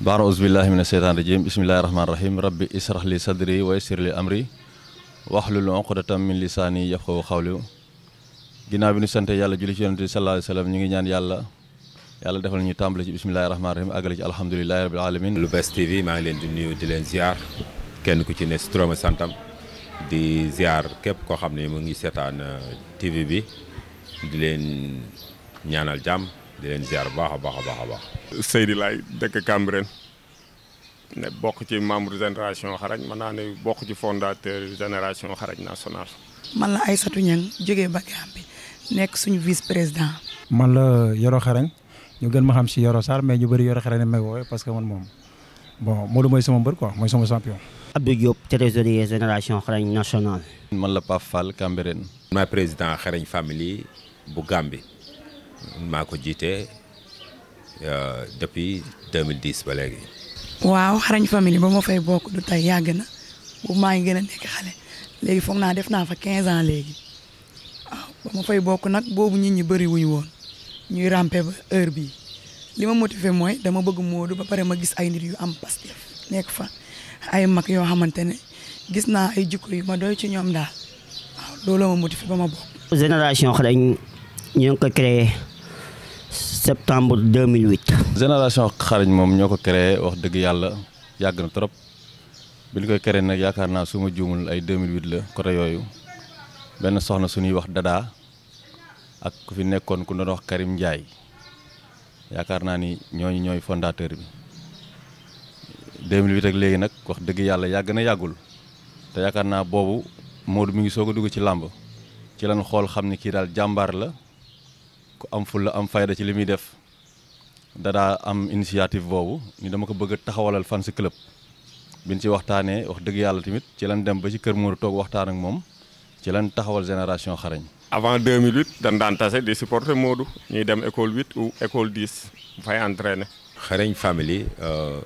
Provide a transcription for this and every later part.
baara ausbillahi mina sheytaan rajim bismillahi rahmaani rahim rabbi israh li sadri wa yassir li amri waxlul uqdatam min lisaani yafqahu xawli ginnaaw bi ñu sante yàlla julli ci yonente bi sallallahu alayhi ñu ngi ñaan yàlla yàlla defal ñu tàmbale ci bismillahi rahmaani rahim àggale ci alhamdulilahi rabbil alamin Lou'Bess TV maa ngi leen di nuyu di leen ziar kenn ku ci ne si santam di ziar képp koo xam ne mu ngi seetaan euh, TV bi di leen di leen ziar baax a baax a baax a baax. Seydi Laay dëkk bokk ci membre génération xarañ mën naa bokk ci fondateur génération man la Aïssatou Niang jógee nekk suñu vice président. man la Yoro Xarañ ñu gën ma si Yoro Sarr bëri Yoro Xarañ may parce que man moom bon Modou mooy sama mbër quoi mooy sama champion. Abdou Diop trésorier génération xarañ national. man la maa ko jiite euh, depuis 2010 ba léegi. waaw xarañ famille ba ma fay bokk du tey yàgg na bu maa ngi gën nekk xale léegi foog naa def naa fa 15 ans léegi waaw ba ma fay bokk nag boobu nit ñi bëri woon ñuy rampe ba heure bii li ma motivé mooy dama bëgg Modou ba pare ma gis ay nit yu am Pastef nekk fa ay mag yoo xamante ne gis naa ay jikko yu ma doy ci ñoom daal waaw loolu ma motivé ba ma bokk. génération xarañ ñu ngi ko créé. septembre 2008. génération xarañ moom ñoo ko créé wax dëgg yàlla yàgg na trop bi ñu koy créé nag yaakaar naa su ma juumul ay 2008 la côté yooyu benn soxna su ñuy wax dadaa ak ku fi nekkoon ku doon wax Karim Ndiaye yaakaar naa ni ñooñu ñooy fondateur bi 2008 ak léegi nag wax dëgg yàlla yàgg na yàggul te yaakaar naa boobu moodu mi ngi soog a dugg ci làmb ci lan xool xam ne kii daal jàmbaar la. ku am fulla am fayda ci li muy def dadaa am initiative boobu ñu dama ko bëgg a taxawalal fan si club biñ si waxtaanee wax dëgg yàlla tamit ci lan dem ba ci kër moo Mourou toog waxtaan ak moom ci lan taxawal génération xarañ. avant 2008 dañ daan tase di supporter Modou ñuy dem école 8 ou école 10 fay entraîner. xarañ family euh,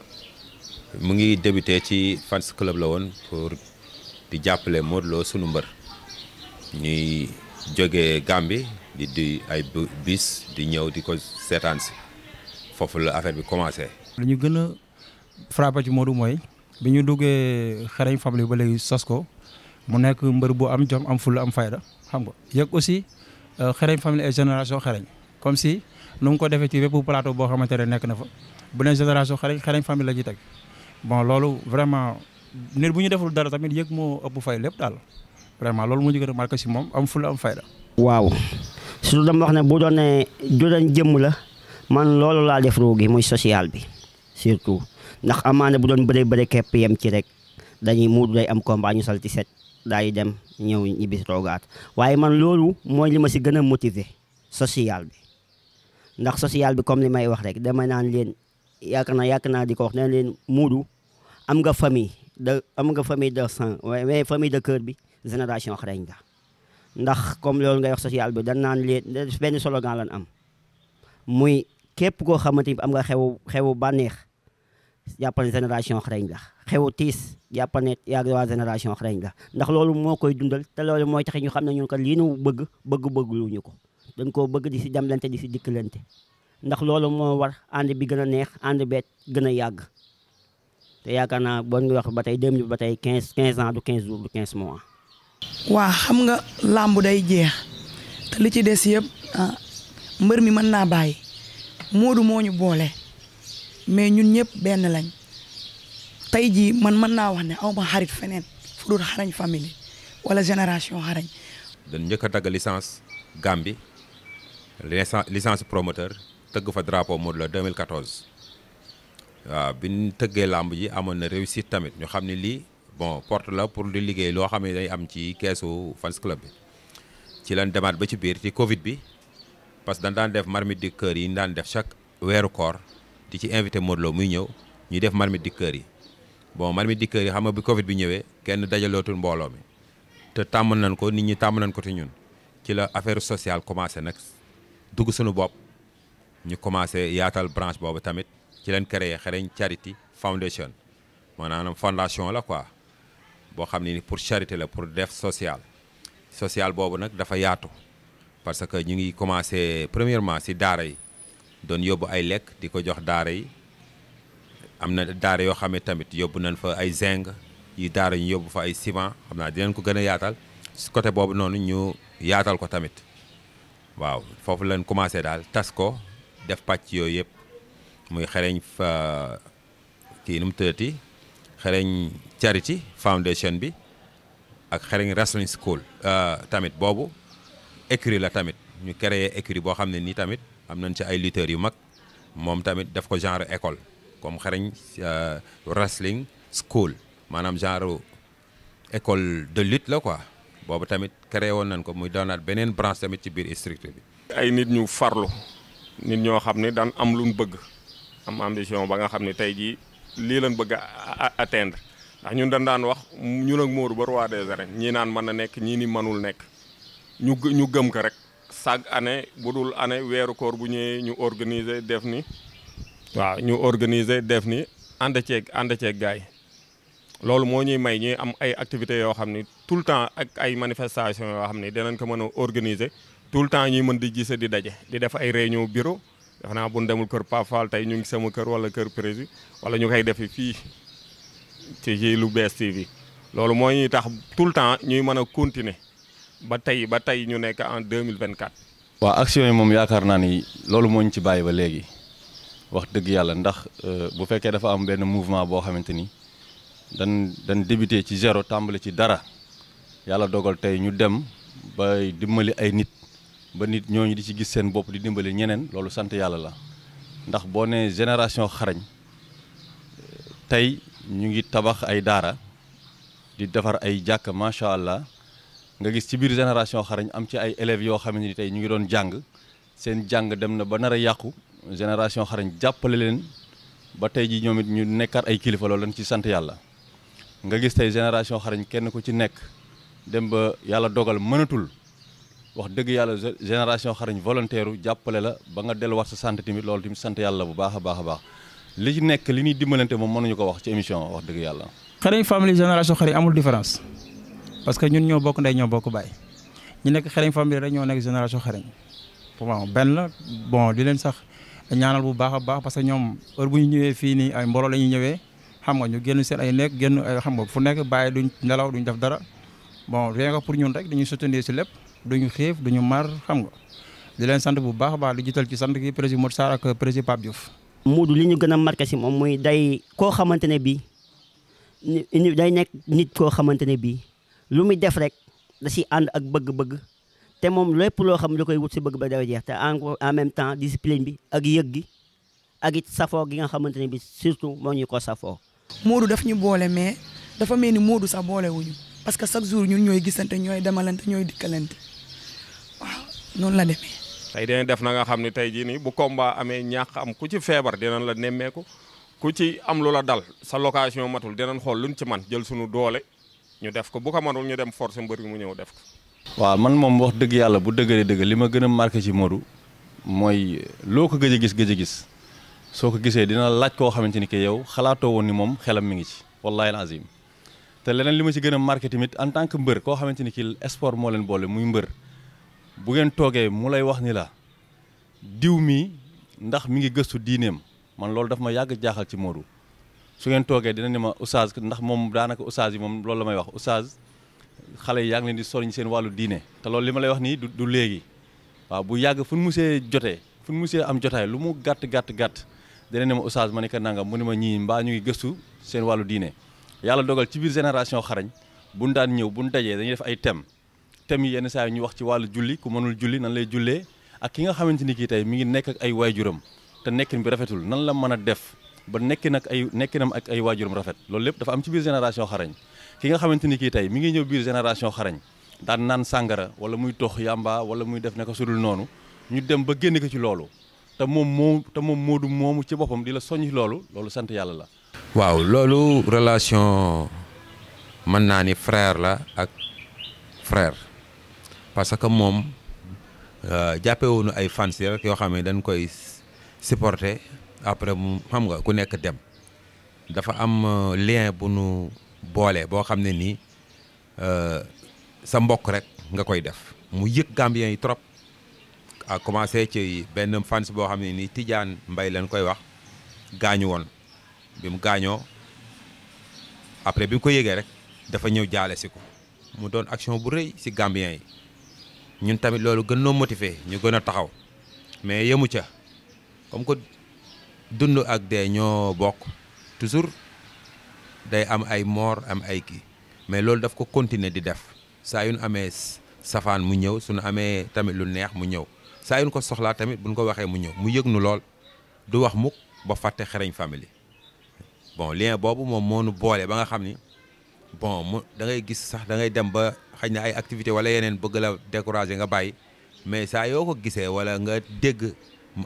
mu ngi débuté ci fans club la woon pour di jàppale Modou Lo sunu mbër ñuy jógee Gambie. di duy ay bis di ñëw di ko seetaan si foofu la affaire bi commencé. li ñu gën a frappé ci mooy bi ñu duggee xarañ famille ba léegi sos ko mu nekk mbër bu am jom am fulla am fayda xam nga yëg aussi euh, xarañ famille et génération xarañ comme si nu mu ko defee ci bépp plateau boo xamante ne nekk na fa bu ne génération xarañ xarañ famille la ci teg bon loolu vraiment nit bu ñu deful dara tamit yëg moo ëpp fay lépp daal vraiment loolu moo ñu gën a marqué si moom am fulla am fayda surtout dama wax ne bu doon ne du jëmm la man loolu laa def ruu gi muy social bi surtout ndax amaane bu doon bëre bëre kepp yem ci rek dañuy mu day am combat ñu salti set daay dem ñëw ñibbi toogaat waaye man loolu mooy li ma si gën a motiver social bi ndax social bi comme li may wax rek dama naan leen yaakaar naa yaakaar naa di ko wax ne leen muudu am nga famille de am nga famille de sang mais famille de cœur bi génération xarañ nga ndax comme loolu ngay wax social bi dañ naan lee benn slogan lan am muy képp koo xamante ni am nga xewu xewu bànneex jàppal ne génération xarañ la tiis jàppal ne yaa ngi waa génération xarañ la ndax loolu moo koy dundal te loolu mooy tax ñu xam ne ñun kat lii nu bëgg bëgg-bëgglu ñu ko dañ ko bëgg di si demlante di si dikkilante ndax loolu moo war ànd bi gën a neex ànd beet gën a yàgg te yaakaar naa bon nga wax ba tey 2000 ba tey 15 15 ans du 15 jours du mois waa xam nga làmb day jeex te li ci des yëpp ah, mbër mi mën naa bàyyi Moodu moo ñu boole mais ñun ñëpp benn lañ tey jii man mën naa wax ne aw ma xarit feneen fu dul xarañ famille wala génération xarañ. dañ njëkk a dagg licence Gambie licence promoteur tëgg fa drapeau Modou Lo 2014 waaw bi ñu tëggee làmb ji amoon na réussit tamit ñu xam ne lii. bon porte la pour lu liggéey loo xam ne day am ci keesu fans club bi ci lan demaat ba ci biir ci Covid bi parce que dañ daan def marmite du cœur yi ñu daan def chaque weeru koor di ci invité Modou muy ñëw ñu def marmite du cœur yi bon marmi du cœur yi xam nga bi Covid bi ñëwee kenn dajalootul mbooloo mi te tàmm nañ ko nit ñi tàmm nañ ko ci ñun ci la affaire sociale commencé nag dugg suñu bopp ñu commencé yaatal branche boobu tamit ci leen créé Xereñ Charity Foundation maanaam fondation la quoi. boo xam ne ni pour charité la pour def social social boobu nag dafa yaatu parce que ñu ngi commencé premièrement si daara yi doon yóbbu ay lekk di ko jox daara yi am na daara yoo xam ne tamit yóbbu nañ fa ay zinc yi daara ñu yóbbu fa ay ciment xam naa di dinañ ko gën a yaatal ci côté boobu noonu ñu yaatal ko tamit waaw foofu lañ commencé daal tas ko def pàcc yooyu yëpp muy xereñ fa kii nu tëddati xereñ charity foundation bi ak xereñ wrestling school euh, tamit boobu écurie la tamit ñu créé écurie boo xam ne nii tamit am nañ si ay lutteurs yu mag moom tamit def ko genre école comme xereñ euh, wrestling school maanaam genre école de lutte la quoi boobu tamit créé woon nañ ko muy doonaat beneen branche tamit ci biir structure bi. ay nit ñu farlu nit ñoo xam ne daan am lu bëgg am ambition ba nga xam ne tey jii. lii leen bëgg a atteindre ndax ñun dañ daan wax ñu ak Modou Ba roi ñii naan mën a nekk ñii nii manul nekk ñu ñu gëm ko rek chaque année bu dul année weeru koor bu ñëwee ñu organiser def ni waaw ñu organiser def ni ànd ceeg ànd ceeg gars yi loolu moo ñuy may ñuy am ay activités yoo xam ni tout le temps ak ay manifestations yoo xam ni dinañ ko mën a organiser tout le temps ñuy mën di gise di daje di def ay réunion bureau xanaa bu ñu demul kër Pafal tey ñu ngi sama kër wala kër prési wala ñu koy defee fii ci ci Lou'Bess TV loolu mooy ñuy tax tout le temps ñuy mën a continuer ba tey ba tey ñu nekk en 2024. waaw action yi moom yaakaar naa ni loolu moo ñu ci bàyyi ba léegi wax dëgg yàlla ndax euh, bu fekkee dafa am benn mouvement boo xamante ni dan dan débuté ci zéro tàmbali ci dara yàlla dogal tey ñu dem ba dimbali ay nit. ba nit ñooñu di ci gis seen bopp di dimbale ñeneen loolu sant yàlla la ndax boo nee génération xarañ tey ñu ngi tabax ay daara di defar ay jàkk macha allah nga gis ci biir génération xarañ am ci ay élèves yoo xam ne ni tey ñu ngi doon jàng seen jàng dem na ba nar a yàqu génération xarañ jàppale leen ba tey ji ñoom it ñu nekkaat ay kilifa loolu lañ ci sant yàlla nga gis tey génération xarañ kenn ku ci nekk dem ba yàlla dogal mënatul wax dëgg yàlla génération xarañ volontaire jàppale la ba nga delluwaat sa sant tamit loolu tamit sant yàlla bu baax a baax a baax li ci nekk li ñuy dimbalante moom mënuñu ko wax ci émission wax dëgg yàlla. xarañ famille génération xarañ amul différence parce que ñun ñoo bokk ndey ñoo bokk baay ñu nekk xarañ famille rek ñoo nekk génération xarañ pour moi benn la bon di leen sax ñaanal bu baax a baax parce que ñoom heure bu ñu ñëwee fii nii ay mbooloo la ñuy ñëwee xam nga ñu génn seen ay génn ay xam nga fu nekk bàyyi duñ nelaw duñ def dara bon rien que pour ñun rek dañuy soutenir si lépp duñu xiif duñu mar xam nga di leen sant bu baax a baax di jiital ci sant gi président Modou Sarr ak président Pape li ñu gën a marqué si moom mooy day koo xamante ne bii day nekk nit koo xamante ne bii lu muy def rek da si ànd ak bëgg-bëgg te moom lépp loo xam da koy wut si bëgg ba dafay jeex te en en même temps discipline bi ak yëg gi ak it safoo gi nga xamante ne bii surtout moo ñu ko safoo. Modou daf ñu boole mais dafa mel ni Modou sax boolewuñu parce que chaque jour ñun ñooy gisante ñooy demalante ñooy noonu la demee. tey dina def na nga xam ne tey jii nii bu combat amee ñàkk am ku ci feebar dinañ la nemmeeku ku ci am lu la dal sa location matul dinañ xool lu luñ ci man jël suñu doole ñu def ko bu ko manul ñu dem force mbër mu ñëw def ko. waaw man moom wax dëgg yàlla bu dëggee dëgg li ma gën a marqué ci Modou mooy loo ko gëj a gis gëj a gis soo ko gisee dina laaj koo xamante ni que yow xalaatoo woon ni moom xelam mi ngi ci wallaahi alazim te leneen li ma ci a marqué tamit en tant que mbër koo xamante ni ki sport moo leen boole muy mbër. bu ngeen toogee mu lay wax nii la diw mi ndax mi ngi gëstu diineem man loolu daf ma yàgg jaaxal ci Modou su ngeen toogee dina ne ma oustaz ndax moom daanaka oustaz yi moom loolu la may wax oustaz xale yi yaa ngi leen di soriñ seen wàllu diine te loolu li ma lay wax nii du léegi waaw bu yàgg fu mu musee jotee fu mu musee am jotaay lu mu gàtt gàtt gàtt dina ne ma oustaz ma ne ko nangam mu ni ma ñii mbaa ñu ngi gëstu seen wàllu diine yàlla dogal ci biir génération xarañ buñ daan ñëw buñ dajee dañuy def ay thème thèmes yi yenn saa yi ñu wax ci wàllu julli ku mënul julli nan lay jullee ak ki nga xamante ni kii tey mi ngi nekk ak ay waajuram te nekkin bi rafetul nan la mën a def ba nekkin ak ay nekkinam ak ay waajuram rafet loolu lépp dafa am ci biir génération xarañ ki nga xamante ni kii tey mi ngi ñëw biir génération xarañ daan naan sàngara wala muy toox yàmba wala muy def ne ko sudul noonu ñu dem ba génn ko ci loolu te moom moo te moom moodu moomu ci boppam di la soññ loolu loolu sant yàlla la. waaw loolu relation mën naa ni frère la ak frère. parce que moom euh, jàppe woonu ay fans yi yoo xam ne dañ koy supporter après mu xam nga ku nekk dem dafa am euh, lien bu nu boolee boo xam ne nii euh, sa mbokk rek nga koy def mu yëg Gambien yi trop a commencé ci benn fans boo xam ne nii Tidiane mbay lañ koy wax gaañu woon bi mu gaañoo après bi mu ko yëgee rek dafa ñëw jaale si ko mu doon action bu rëy si Gambien yi ñun tamit loolu gën noo motiver ñu gën a taxaw mais yemu ca comme que dund ak dee ñoo bokk toujours day am ay moor am ay kii mais loolu daf ko continuer di def saa yu nu amee safaan mu ñëw suñu amee tamit lu neex mu ñëw saa yu nu ko soxlaa tamit buñ ko waxee mu ñëw mu yëg nu lool du wax mukk ba fàtte xereñ famille bon lien boobu moom moo nu boole ba nga xam ni bon mu da ngay gis sax da ngay dem ba xëy na ay activité wala yeneen bëgg la décourager nga bàyyi mais saa yoo ko gisee wala nga dégg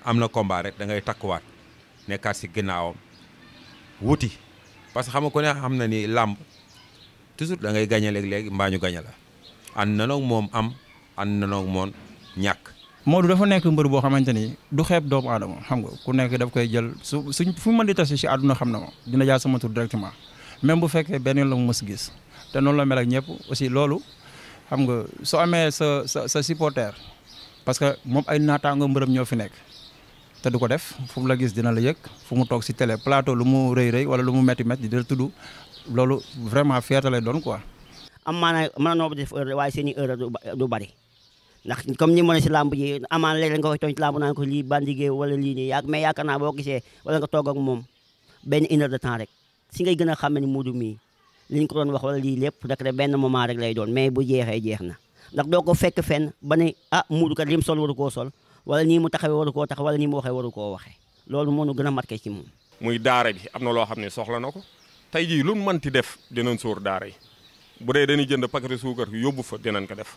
am na combat rek da ngay takkuwaat nekkaat si ginnaawam wuti parce que xam nga ku ne xam na ni làmb toujours da ngay gañe léeg-léeg mbaañu ñu gañe la ànd na noog moom am ànd na noog moom ñàkk. Modou dafa nekk mbër boo xamante ni du xeeb doomu aadama xam nga ku nekk daf koy jël su suñ fu mën di tase si àdduna xam na ma dina jaar sama tur directement. même bu fekkee benn yoon la mu mës gis te noonu la mel ak ñëpp aussi loolu xam nga soo amee sa sa sa supporter parce que moom ay naataango mbërëm ñoo fi nekk te du ko def fu la gis dina la yëg fu mu toog si télé plateau lu mu rëy rëy wala lu mu métti di dina tudd loolu vraiment fierté lay doon quoi. am maanaam mën noo def erreur waaye seen i du bari ndax comme ni mu ne si làmb ji amaan léeg-léeg nga koy tooñ si làmb naan ko lii bandigee wala lii nii yaa mais yaakaar naa boo gisee wala nga toog ak moom benn une heure de temps si ngay gën a xam ne Modou mii li ñu ko doon wax wala lii lépp rek de benn moment rek lay doon mais bu jeexee jeex na ndax doo ko fekk fenn ba ne ah Modou kat lim sol waru koo sol wala nii mu taxawee waru koo tax wala nii mu waxee waru koo waxee loolu moo ñu gën a marqué ci moom. muy daara ji am na loo xam ne soxla na ko tey jii lu mu mënti def dinañ sóor daara yi bu dee dañuy jënd paquet suukar yóbbu fa dinañ ko def.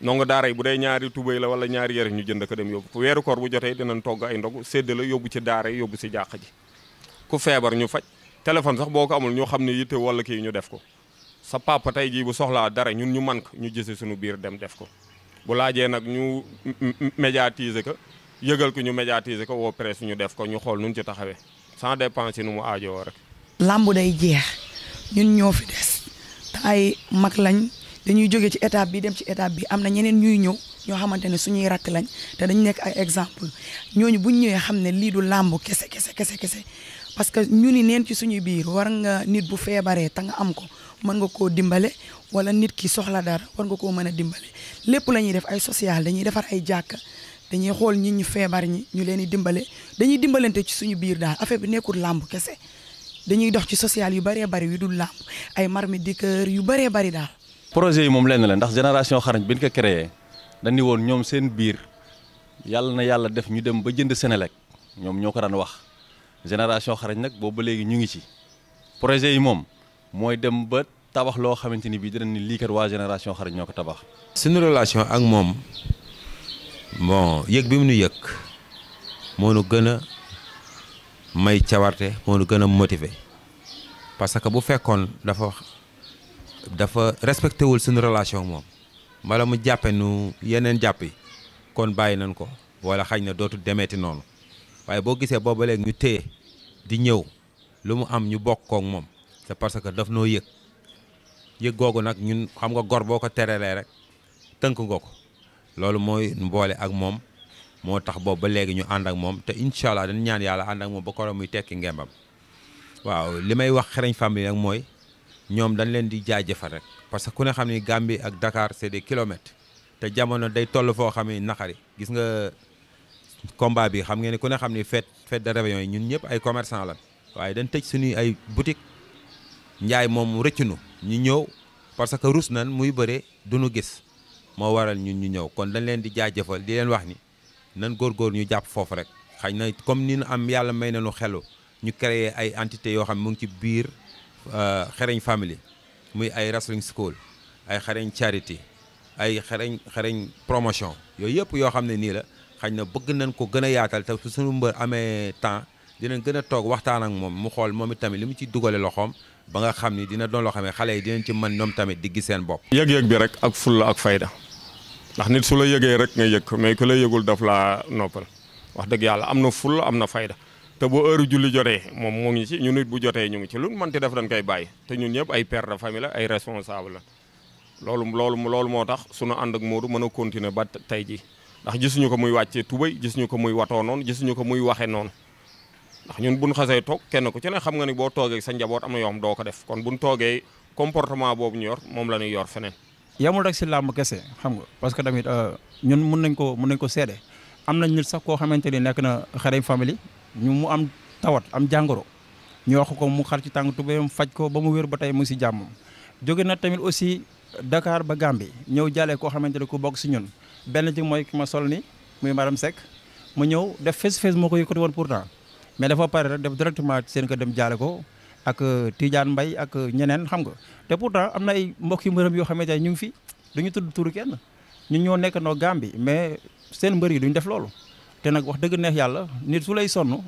nonga daara yi bu dee ñaari tubéy la wala ñaari yére ñu jënd ko dem yóbbu ko koor bu jotee dinañ togg ay ndog sédd la yóbbu ci daara yóbbu si jàq ji téléphone sax boo ko amul ñoo xam ne yitte wala kii ñu def ko sa papa tey jii bu soxlaa dara ñun ñu mank ñu jëse suñu biir dem def ko bu laajee nag ñu médiatiser ko yëgal ko ñu médiatiser ko woo presse ñu def ko ñu xool nun ci taxawee sans dépenser nu mu aajowoo rek. làmbu day jeex ñun ñoo fi des te ay mag lañ dañuy jóge ci étape bi dem ci étape bi am na ñeneen ñuy ñëw ñoo xamante ne suñuy rakk lañ te dañu nekk ay exemple ñooñu buñ ñëwee xam ne lii du làmb kese kese kese kese parce que ñu ni neen ci suñu biir war nga nit bu feebaree te am ko mën nga koo dimbale wala nit ki soxla dara war nga koo mën a dimbale lépp la ñuy def ay social dañuy defar ay jàkka dañuy xool nit ñi feebar ñi ñu leen di dimbale dañuy dimbalante ci suñu biir daal affaire bi nekkul làmb kese dañuy dox ci social yu bëree bëri wi dul làmb ay marmi di kër yu bëree bëri daal. projet yi moom lenn la ndax génération xarañ bi ko créé dañu woon ñoom seen biir yàlla na yàlla def ñu dem ba jënd Senelec ñoom ñoo ko daan wax. génération xarañ nag boobu ba léegi ñu ngi ci projet yi moom mooy dem ba tabax loo xamante ni bii dinañ ni lii kat waa génération xarañ ñoo ko tabax. sunu relation ak moom bon yëg bi mu nu yëg moo nu gën a may cawarte moo nu gën a motiver parce que bu fekkoon dafa dafa respecté wul suñu relation moom wala mu jàppe nu yeneen jàppi kon bàyyi nañ ko wala xañ na dootul demeeti noonu. waaye boo gisee booba léegi ñu téye di ñëw lu mu am ñu bokk kook moom c'est parce que daf noo yëg yëg googu nag ñun xam nga gor boo ko terelee rek tënk nga ko loolu mooy mboole ak moom moo tax boobu ba léegi ñu ànd ak moom te incha allah dañu ñaan yàlla ànd ak moom ba koro muy tekki ngembam waaw li may wax xereñ famille nag mooy ñoom dañ leen di jaajëfal rek parce que ku ne xam ni Gambie ak dakaar c'est des kilomètres te jamono day toll foo xam ni naqari gis nga. combat bii xam ngeen ne ku ne xam ni fête fête de réveillon yi ñun ñëpp ay commerçant la waaye dañ tëj suñuy ay boutique njaay moom rëccunu ñu ñëw parce que rus nan muy bëre nu gis moo waral ñun ñu ñëw kon dañ leen di jaajëfal di leen wax ni nan góor góor ñu jàpp foofu rek xañ na comme ni nu am yàlla may na nañu xelu ñu créer ay entité yoo xam ne mu ngi ci biir euh, xereñ family muy ay wrestling school ay xereñ charity ay xereñ xereñ promotion yooyu yëpp yoo xam ne nii la xañ na bëgg nañ ko gën a yaatal te su suñu mbër amee temps dinañ gën a toog waxtaan ak moom mu xool moom tamit li mu ci dugale loxoom ba nga xam ni dina doon loo xam ne xale yi dinañ ci mën noom tamit di gis seen bopp. yëg-yëg bi rek ak fulla ak fayda ndax nit su la yëgee rek nga yëg mais ku la yëgul daf laa noppal wax dëgg yàlla am na fulla am na fayda te bu heure julli jotee moom mu ngi ci ñu nit bu jotee ñu ngi ci lu manti def dañ kay bàyyi te ñun ñëpp ay père de famille la ay responsable la loolu loolu loolu moo tax suñu ànd ak Modou mën a continuer ba tey ji ndax gisuñu ko muy wàccee tubay gisuñu ko muy watoo noonu gisuñu ko muy waxe noonu ndax ñun buñ xasee toog kenn ku ci ne xam nga ni boo toogee sa njaboot am na yoo ko def kon buñ toogee comportement boobu ñu yor moom la ñuy yor feneen yamul rek si làmb kese xam nga parce que tamit euh, ñun mun nañ ko mun ko seede am nañ nit sax koo xamante ni nekk na xareñ famille ñu mu am tawat am jàngoro ñu wax ko mu xar ci tàng mu faj ko ba mu wér ba tey mu si jàmm jóge na tamit aussi dakaar ba Gambie ñëw jàllee koo xamante ne ku bokk si ñun benn ci mooy ki ma sol ni muy madame Seck mu ñëw def fees fees moo ko yëkkati woon pourtant mais dafa pare rek def directement seen ko dem jaale ko ak euh, tiijaan mbay ak euh, ñeneen xam nga te pourtant am na ay mbokk yu mbërëm yoo xamante ne ñu ngi fi duñu tudd turu kenn ñun ñoo nekk noo Gàmbi mais seen mbër yi duñ def loolu te nag wax dëgg neex yàlla nit su lay sonn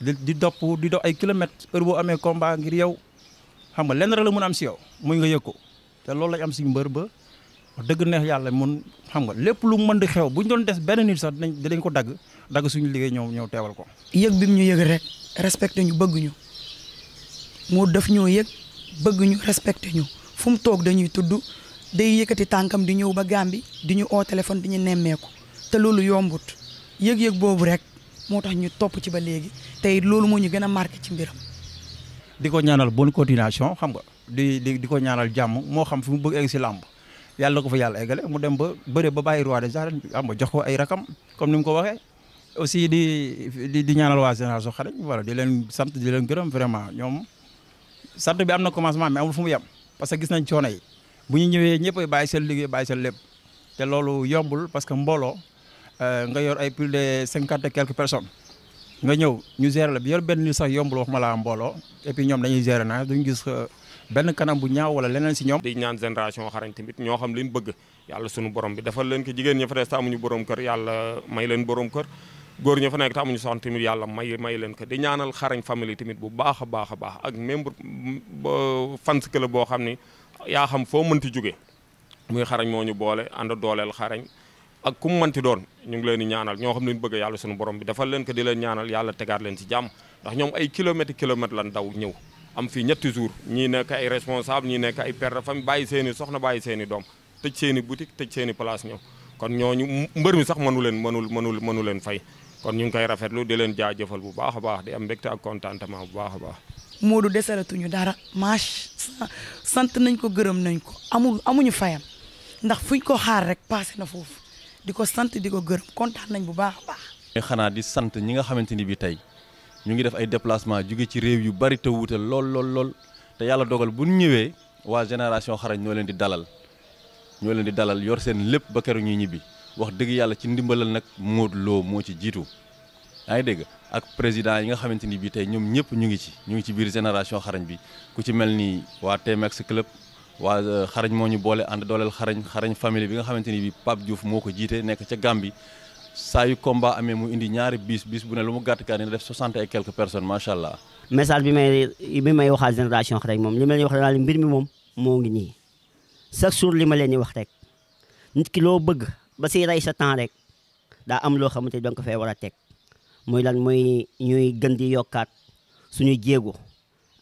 di dopp di dox ay kilomètres heure boo amee combat ngir yow xam nga lenn rek la mën am si yow muy nga yëg ko te loolu lañ am si mbër ba wax dëgg neex yàlla mun xam nga lépp lu mën di xew bu ñu doon des benn nit sax dinañ dañ ko dagg dagg suñu liggéey ñëw ñëw teewal ko. yëg bi mu ñu yëg rek respecté ñu bëgg ñu moo def ñoo yëg bëgg ñu respecté ñu fu mu toog dañuy tudd day yëkkati tànkam di ñëw ba Gàmbi di ñu oo téléphone di ñu nemmeeku te loolu yombut yëg-yëg boobu rek moo tax ñu topp ci ba léegi tey loolu moo ñu gën a marqué ci mbiram. di ko ñaanal bonne continuation xam nga di di di ko ñaanal jàmm moo xam fi mu bëgg egg si làmb yàlla ko fa yàlla eggale mu dem ba bëre ba bàyyi roi des arènes xam ah, nga jox ko ay rakam comme ni mu ko waxee aussi di di ñaanal waa génération xarañ voilà di leen sant di leen gërëm vraiment ñoom sant bi am na commencement mais amul fu mu yem parce que gis nañ coono yi bu ñu ñëwee ñëpp bàyyi seen liggéey bàyyi seen lépp te loolu yombul parce que mbooloo euh, nga yor ay plus de cinquante et quelques nga ñëw ñu gérer la bi yor benn li sax yombul wax ma mbooloo benn kanam bu ñaaw wala leneen si ñoom di ñaan génération xarañ tamit ñoo xam liñ bëgg yàlla sunu borom bi defal leen ko jigéen ñi fa des te borom kër yàlla may borom kër góor ñi fa nekk te amuñu soxna yàlla may may leen ko di ñaanal xarañ famille tamit bu baax a baax a baax ak membre fans club boo xam ni yaa xam foo mënti jóge muy xarañ moo ñu boole ànd dooleel xarañ ak ku mu mënti doon ñu ngi leen di ñaanal ñoo xam ne ñu yàlla borom bi defal leen ko ñaanal yàlla tegaat leen ci jàmm ndax ñoom ay kilomètres kilomètres lan daw ñëw am fii ñetti jours ñii nekk ay responsable ñii nekk ay père fa famille bàyyi seen soxna bàyyi seeni i doom tëj seen i boutique tëj seen i place ñëw kon ñooñu mbër mi sax mënu leen mënul mënul mënu leen fay kon ñu ngi koy rafetlu di leen jaajëfal bu baax a baax di am mbégte ak contentement bu baax a baax Modou desalatuñu dara maach sant nañ ko gërëm nañ ko amul amuñu fayam ndax fuñ ko xaar rek passé na foofu di ko sant di ko gërëm kontaan nañ bu baax a baax xanaa di sant ñi nga xamante ni bi tey ñu ngi def ay déplacement jóge ci réew yu bari te wuute lool lool lool te yàlla dogal bu ñëwee waa génération xarañ ñoo leen di dalal ñoo leen di dalal yor seen lépp ba keroog ñuy ñibbi wax dëgg yàlla ci ndimbalal nag Modou Lo moo ci jiitu yaa ngi dégg ak président yi nga xamante ni bii tey ñoom ñëpp ñu ngi ci ñu ngi ci biir génération xarañ bi ku ci mel ni waa TMX club waa xarañ moo ñu boole ànd dooleel xarañ xarañ famille bi nga xamante ni bii Pape Diouf moo ko jiite nekk ca Gambie saa yu combat amee mu indi ñaari bis bis bu ne lu mu gàtt kaa dina def soixante et quelques personnes macha allah. message bi may bi may waxaat génération rek moom li ma wax daal mi moom moo ngi nii chaque jour li ma leen wax rek nit ki loo bëgg ba si rey sa temps rek daa am loo xamante ni da nga ko fee war a teg muy lan muy ñuy gën di yokkaat suñu jéego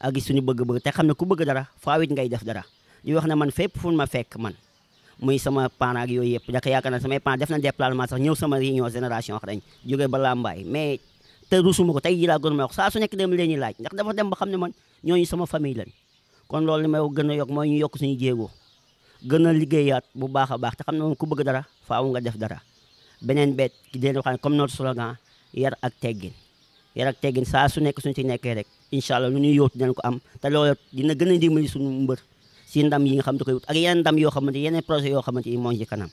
ak suñu bëgg-bëgg te xam ne ku bëgg dara faawit ngay def dara di wax ne man fépp fu ma fekk man. muy sama pan ak yooyu yëpp ndax yaakaar naa samay pan def na déplacement sax ñëw sama réunion génération wax dañ jógee ba Lambaay mais te rusuma ko tey jii laa gën ma wax su nekk dem leen ñu laaj ndax dafa dem ba xam ne man ñooñu sama famille kon loolu li may gën a yokk mooy ñu yokk suñu jéego gën a liggéeyaat bu baax a baax te xam ne moom ku bëgg dara faaw nga def dara beneen bet ki deen wax ne comme notre slogan yar ak teggin yar ak teggin saa su nekk suñ ci nekkee rek incha allah lu ñuy yóotu dinañ ko am te loolu dina gën a dimbali suñu mbër ci ndam yi nga xam ne koy wut ak yeneen ndam yoo xamante yeneen projet yoo xamante yi moo ngi ci kanam